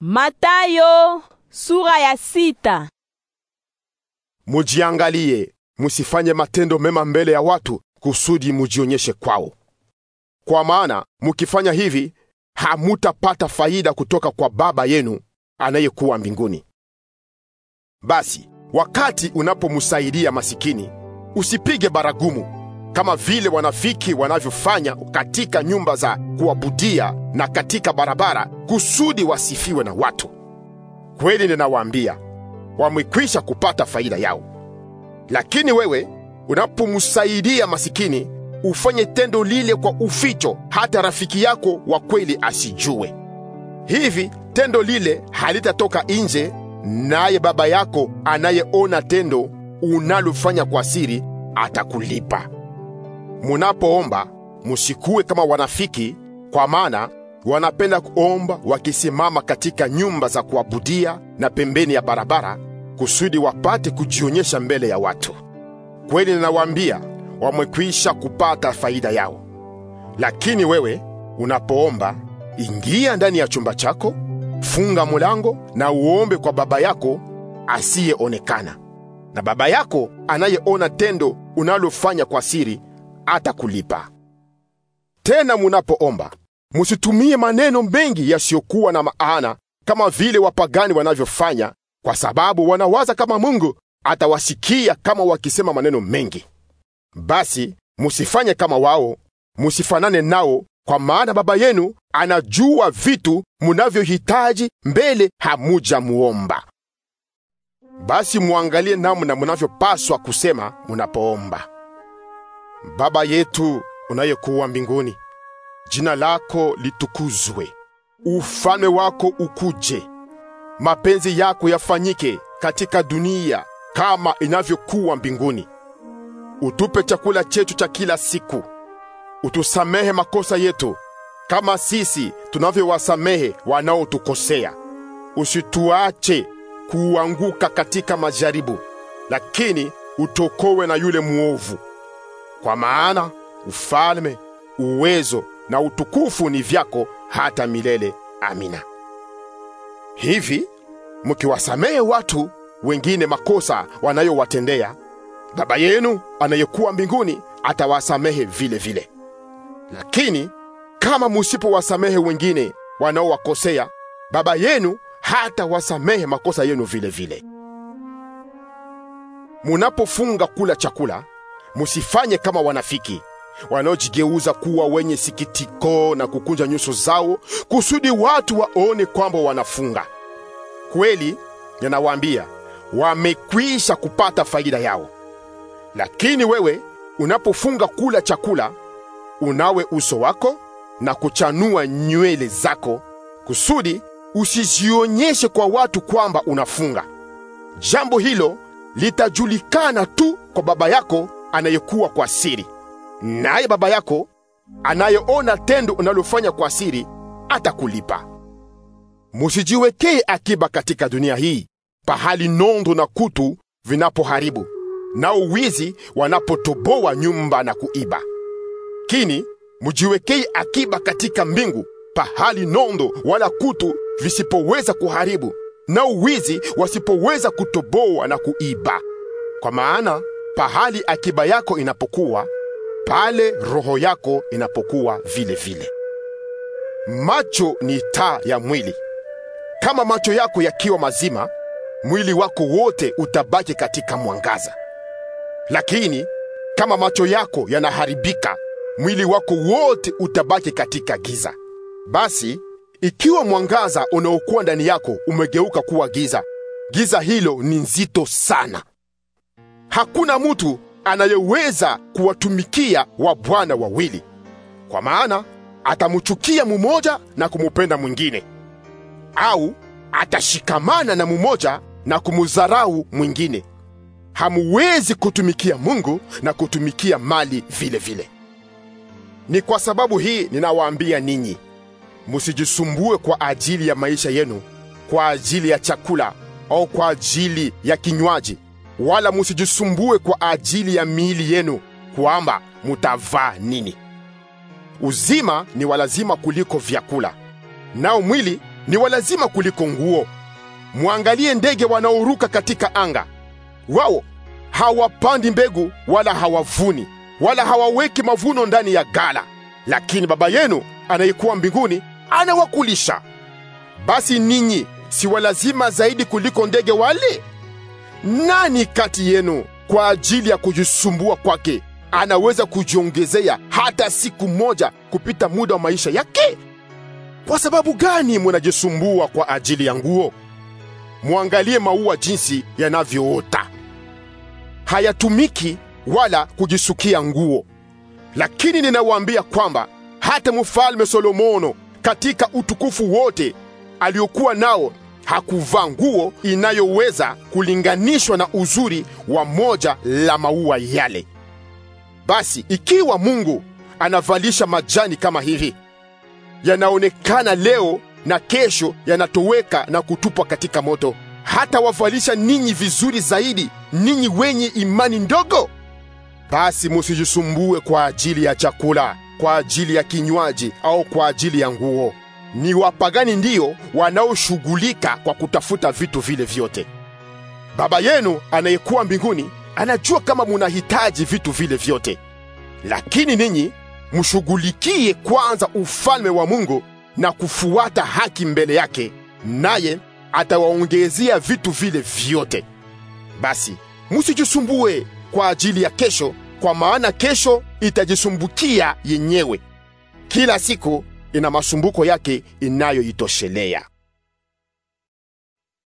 Matayo sura ya sita. Mujiangalie, musifanye matendo mema mbele ya watu kusudi mujionyeshe kwao. Kwa maana mukifanya hivi hamutapata faida kutoka kwa Baba yenu anayekuwa mbinguni. Basi wakati unapomsaidia masikini, usipige baragumu kama vile wanafiki wanavyofanya katika nyumba za kuabudia na katika barabara, kusudi wasifiwe na watu. Kweli ninawaambia, wamekwisha kupata faida yao. Lakini wewe unapomsaidia masikini, ufanye tendo lile kwa uficho, hata rafiki yako wa kweli asijue. Hivi tendo lile halitatoka nje, naye Baba yako anayeona tendo unalofanya kwa siri atakulipa munapoomba musikuwe kama wanafiki, kwa maana wanapenda kuomba wakisimama katika nyumba za kuabudia na pembeni ya barabara, kusudi wapate kujionyesha mbele ya watu. Kweli ninawaambia, wamekwisha kupata faida yao. Lakini wewe unapoomba, ingia ndani ya chumba chako, funga mulango na uombe kwa Baba yako asiyeonekana, na Baba yako anayeona tendo unalofanya kwa siri atakulipa. Tena munapoomba musitumie maneno mengi yasiyokuwa na maana, kama vile wapagani wanavyofanya, kwa sababu wanawaza kama Mungu atawasikia kama wakisema maneno mengi. Basi musifanye kama wao, musifanane nao, kwa maana Baba yenu anajua vitu munavyohitaji mbele hamujamuomba. Basi muangalie namna munavyopaswa kusema munapoomba. Baba yetu unayekuwa mbinguni, jina lako litukuzwe, ufalme wako ukuje, mapenzi yako yafanyike katika dunia kama inavyokuwa mbinguni. Utupe chakula chetu cha kila siku, utusamehe makosa yetu kama sisi tunavyowasamehe wanaotukosea, usituache kuanguka katika majaribu, lakini utokowe na yule mwovu kwa maana ufalme, uwezo na utukufu ni vyako hata milele. Amina. Hivi mkiwasamehe watu wengine makosa wanayowatendea, Baba yenu anayekuwa mbinguni atawasamehe vile vile. Lakini kama musipowasamehe wengine wanaowakosea, Baba yenu hata wasamehe makosa yenu vile vile. Munapofunga kula chakula musifanye kama wanafiki wanaojigeuza kuwa wenye sikitiko na kukunja nyuso zao kusudi watu waone kwamba wanafunga. Kweli ninawaambia, wamekwisha kupata faida yao. Lakini wewe unapofunga kula chakula, unawe uso wako na kuchanua nywele zako, kusudi usijionyeshe kwa watu kwamba unafunga. Jambo hilo litajulikana tu kwa Baba yako anayekuwa kwa siri, naye Baba yako anayeona tendo unalofanya kwa siri atakulipa. Musijiwekee akiba katika dunia hii, pahali nondo na kutu vinapoharibu nao wizi wanapotoboa nyumba na kuiba. Kini mujiwekei akiba katika mbingu, pahali nondo wala kutu visipoweza kuharibu, nao wizi wasipoweza kutoboa na kuiba. Kwa maana pahali akiba yako inapokuwa, pale roho yako inapokuwa vile vile. Macho ni taa ya mwili. Kama macho yako yakiwa mazima, mwili wako wote utabaki katika mwangaza. Lakini kama macho yako yanaharibika, mwili wako wote utabaki katika giza. Basi ikiwa mwangaza unaokuwa ndani yako umegeuka kuwa giza, giza hilo ni nzito sana. Hakuna mtu anayeweza kuwatumikia wa bwana wawili, kwa maana atamchukia mumoja na kumupenda mwingine, au atashikamana na mumoja na kumudharau mwingine. Hamuwezi kutumikia Mungu na kutumikia mali vile vile. Ni kwa sababu hii ninawaambia ninyi, musijisumbue kwa ajili ya maisha yenu, kwa ajili ya chakula au kwa ajili ya kinywaji wala musijisumbue kwa ajili ya miili yenu kwamba mutavaa nini. Uzima ni walazima kuliko vyakula, nao mwili ni walazima kuliko nguo. Mwangalie ndege wanaoruka katika anga, wao hawapandi mbegu wala hawavuni wala hawaweki mavuno ndani ya gala, lakini Baba yenu anayekuwa mbinguni anawakulisha. Basi ninyi si walazima zaidi kuliko ndege wale? Nani kati yenu kwa ajili ya kujisumbua kwake anaweza kujiongezea hata siku moja kupita muda wa maisha yake? Kwa sababu gani munajisumbua kwa ajili ya nguo? Mwangalie maua jinsi yanavyoota, hayatumiki wala kujisukia nguo. Lakini ninawaambia kwamba hata mfalme Solomono katika utukufu wote aliokuwa nao hakuvaa nguo inayoweza kulinganishwa na uzuri wa moja la maua yale. Basi ikiwa Mungu anavalisha majani kama hivi, yanaonekana leo na kesho yanatoweka na kutupwa katika moto, hata wavalisha ninyi vizuri zaidi, ninyi wenye imani ndogo? Basi musijisumbue kwa ajili ya chakula, kwa ajili ya kinywaji, au kwa ajili ya nguo ni wapagani ndiyo wanaoshughulika kwa kutafuta vitu vile vyote. Baba yenu anayekuwa mbinguni anajua kama munahitaji vitu vile vyote. Lakini ninyi mshughulikie kwanza ufalme wa Mungu na kufuata haki mbele yake, naye atawaongezea vitu vile vyote. Basi musijisumbue kwa ajili ya kesho, kwa maana kesho itajisumbukia yenyewe. Kila siku ina masumbuko yake inayoitoshelea.